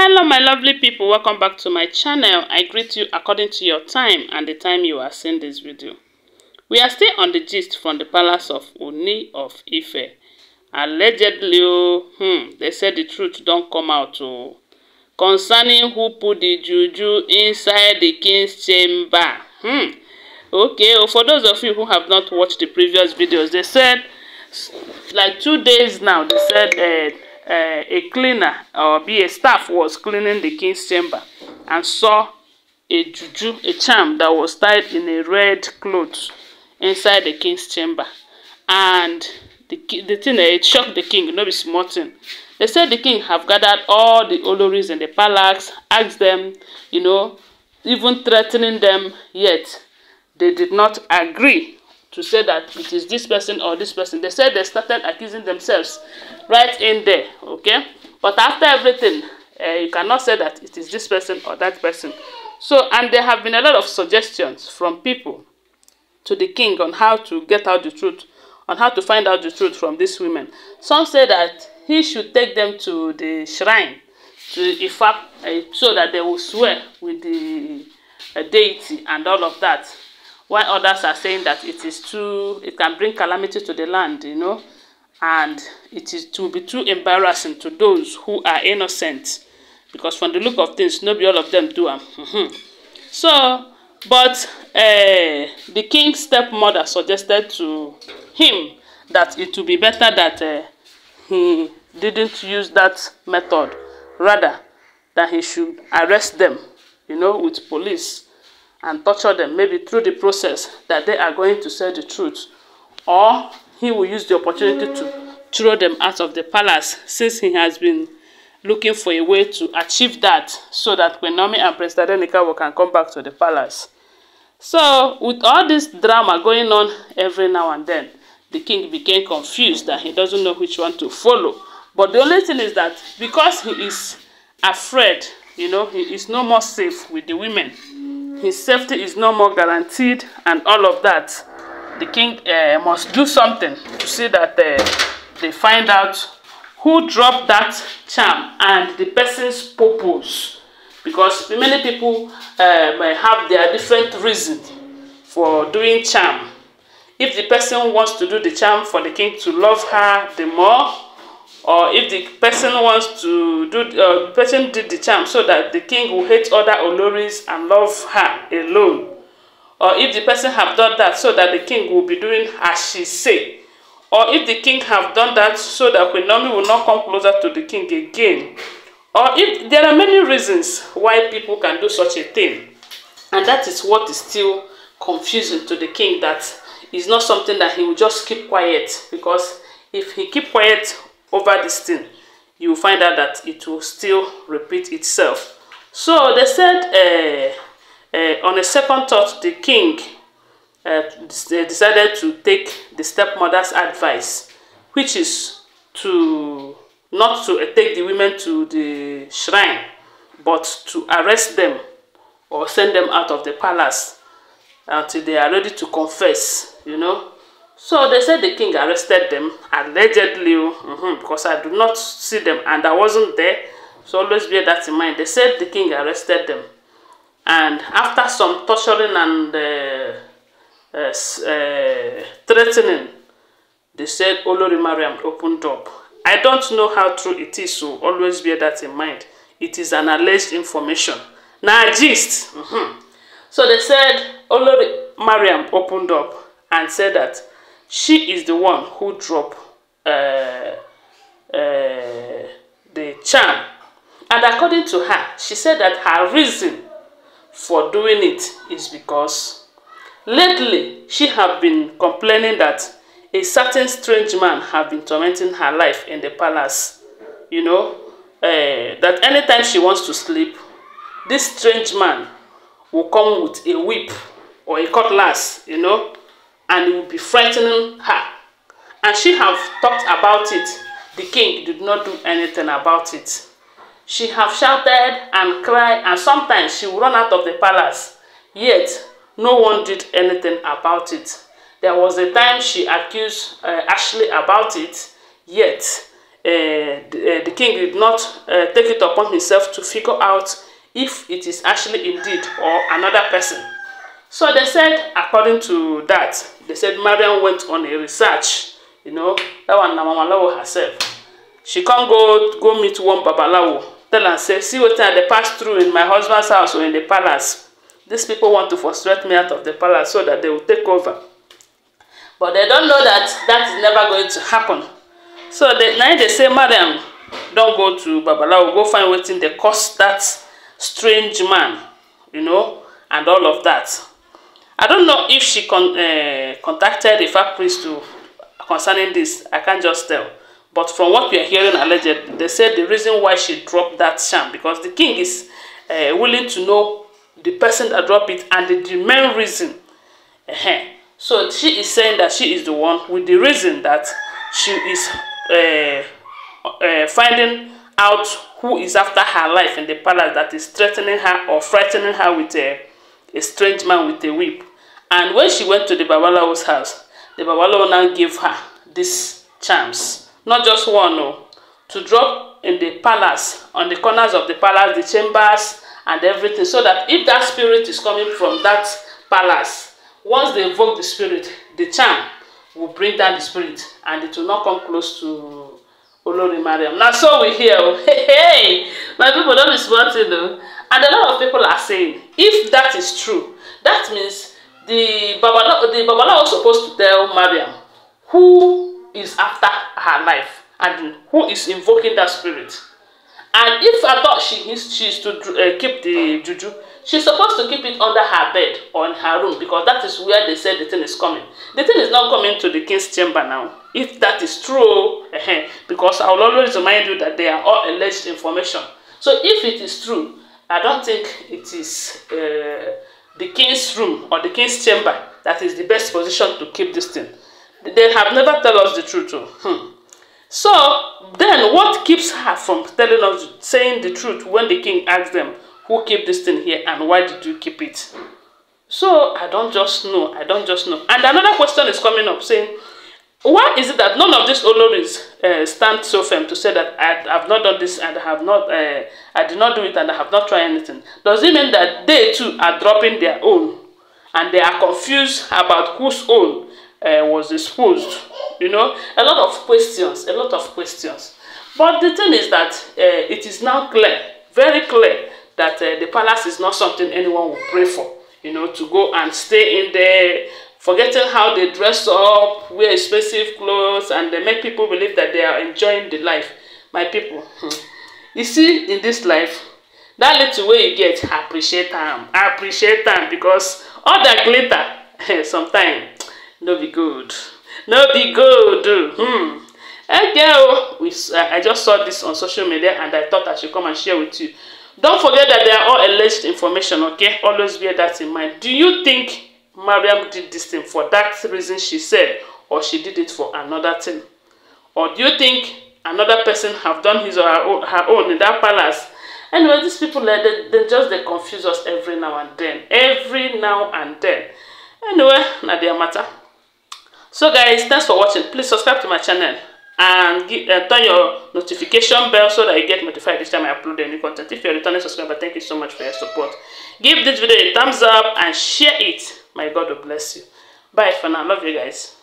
Hello my lovely people, welcome back to my channel. I greet you according to your time and the time you are seeing this video. We are still on the gist from the palace of Uni of Ife. Allegedly, hmm, they said the truth don't come out oh, concerning who put the juju inside the king's chamber. Hmm. Okay, well, for those of you who have not watched the previous videos, they said, like two days now, they said... Uh, uh, a cleaner or be a staff was cleaning the king's chamber and saw a juju, a charm that was tied in a red cloth inside the king's chamber. And the, the thing, eh, it shocked the king, no be small thing. They said the king have gathered all the oloris in the palace, asked them, you know, even threatening them, yet they did not agree to say that it is this person or this person. They said they started accusing themselves right in there, okay? But after everything, uh, you cannot say that it is this person or that person. So, and there have been a lot of suggestions from people to the king on how to get out the truth, on how to find out the truth from these women. Some say that he should take them to the shrine, to Ifa, uh, so that they will swear with the uh, deity and all of that while others are saying that it is too it can bring calamity to the land you know and it is to be too embarrassing to those who are innocent because from the look of things no be all of them do am mm-hmm. so but uh, the king's stepmother suggested to him that it would be better that uh, he didn't use that method rather that he should arrest them you know with police and torture them, maybe through the process that they are going to say the truth. Or he will use the opportunity to throw them out of the palace since he has been looking for a way to achieve that so that when Naomi and President Adenikawa can come back to the palace. So with all this drama going on every now and then, the king became confused that he doesn't know which one to follow. But the only thing is that because he is afraid, you know, he is no more safe with the women. His safety is no more guaranteed and all of that. The king uh, must do something to see that uh, they find out who dropped that charm and the person's purpose. Because many people uh, may have their different reasons for doing charm. If the person wants to do the charm for the king to love her the more, or if the person wants to do uh, person did the charm so that the king will hate other oloris and love her alone or if the person have done that so that the king will be doing as she say or if the king have done that so that Queen will not come closer to the king again or if there are many reasons why people can do such a thing and that is what is still confusing to the king that is not something that he will just keep quiet because if he keep quiet over this thing, you will find out that it will still repeat itself. So they said, uh, uh, on a second thought, the king uh, uh, decided to take the stepmother's advice, which is to not to take the women to the shrine, but to arrest them or send them out of the palace until they are ready to confess, you know. So they said the king arrested them, allegedly, oh, mm-hmm, because I do not see them and I wasn't there. So always bear that in mind. They said the king arrested them. And after some torturing and uh, uh, uh, threatening, they said Olori Mariam opened up. I don't know how true it is, so always bear that in mind. It is an alleged information. Now gist. Mm-hmm. So they said Olori Mariam opened up and said that she is the one who drop uh, uh, the charm. And according to her, she said that her reason for doing it is because lately she have been complaining that a certain strange man have been tormenting her life in the palace. You know, uh, that anytime she wants to sleep, this strange man will come with a whip or a cutlass, you know, and it would be frightening her. And she have talked about it. The king did not do anything about it. She have shouted and cried and sometimes she would run out of the palace. Yet, no one did anything about it. There was a time she accused uh, Ashley about it, yet uh, the, uh, the king did not uh, take it upon himself to figure out if it is Ashley indeed or another person. So they said, according to that, They said Marian went on a research. You know, that one na Mamalawo herself. She can't go go meet one Babalawo. Tell her, say, see what they pass through in my husband's house or in the palace. These people want to frustrate me out of the palace so that they will take over. But they don't know that that is never going to happen. So they, now they say, Madam, don't go to Babalawo, go find what they cause that strange man, you know, and all of that. I don't know if she con uh, contacted the fat priest to concerning this. I can't just tell. But from what we are hearing alleged, they said the reason why she dropped that sham because the king is uh, willing to know the person that dropped it and the, the main reason. Uh -huh. So she is saying that she is the one with the reason that she is uh, uh, finding out who is after her life in the palace that is threatening her or frightening her with a, a strange man with a whip. And when she went to the Babalawo's house, the Babalawo now gave her these charms. Not just one, no. To drop in the palace, on the corners of the palace, the chambers, and everything. So that if that spirit is coming from that palace, once they evoke the spirit, the charm will bring down the spirit and it will not come close to Olori Mariam. Now, so we hear, oh, hey, hey, my people, don't be smarting, though. And a lot of people are saying, if that is true, that means the babalawo the babalawo supposed to tell Mariam who is after her life and who is invoking that spirit and if at all she is she is to uh, keep the juju she's supposed to keep it under her bed or in her room because that is where they said the thing is coming the thing is not coming to the king's chamber now if that is true uh eh, -huh, eh, because i will always remind you that they are all alleged information so if it is true i don't think it is uh, the king's room or the king's chamber that is the best position to keep this thing. They have never tell us the truth. Oh. Hmm. So then what keeps her from telling us, saying the truth when the king asks them, who keep this thing here and why did you keep it? So I don't just know. I don't just know. And another question is coming up saying, Why is it that none of these Oloris uh, eh, stand so firm to say that I have not done this and I have not, uh, I did not do it and I have not tried anything? Does it mean that they too are dropping their own and they are confused about whose own uh, was exposed? You know, a lot of questions, a lot of questions. But the thing is that uh, it is now clear, very clear, that uh, the palace is not something anyone will pray for. You know, to go and stay in there forgetting how they dress up, wear expensive clothes, and they make people believe that they are enjoying the life. My people, hmm. you see, in this life, that little way you get, appreciate am, appreciate them because all that glitter, sometimes, no be good, no be good. Hmm. Hey eh, girl, we, I just saw this on social media and I thought I should come and share with you. Don't forget that they are all alleged information, okay? Always bear that in mind. Do you think Mariam did this thing for that reason she said, or she did it for another thing? Or do you think another person have done his or her own, her own in that palace? Anyway, these people, eh, they, they just they confuse us every now and then. Every now and then. Anyway, not their matter. So guys, thanks for watching. Please subscribe to my channel and give, uh, turn your notification bell so that you get notified each time I upload any content. If you're a returning subscriber, thank you so much for your support. Give this video a thumbs up and share it May God bless you. Bye for now. Love you guys.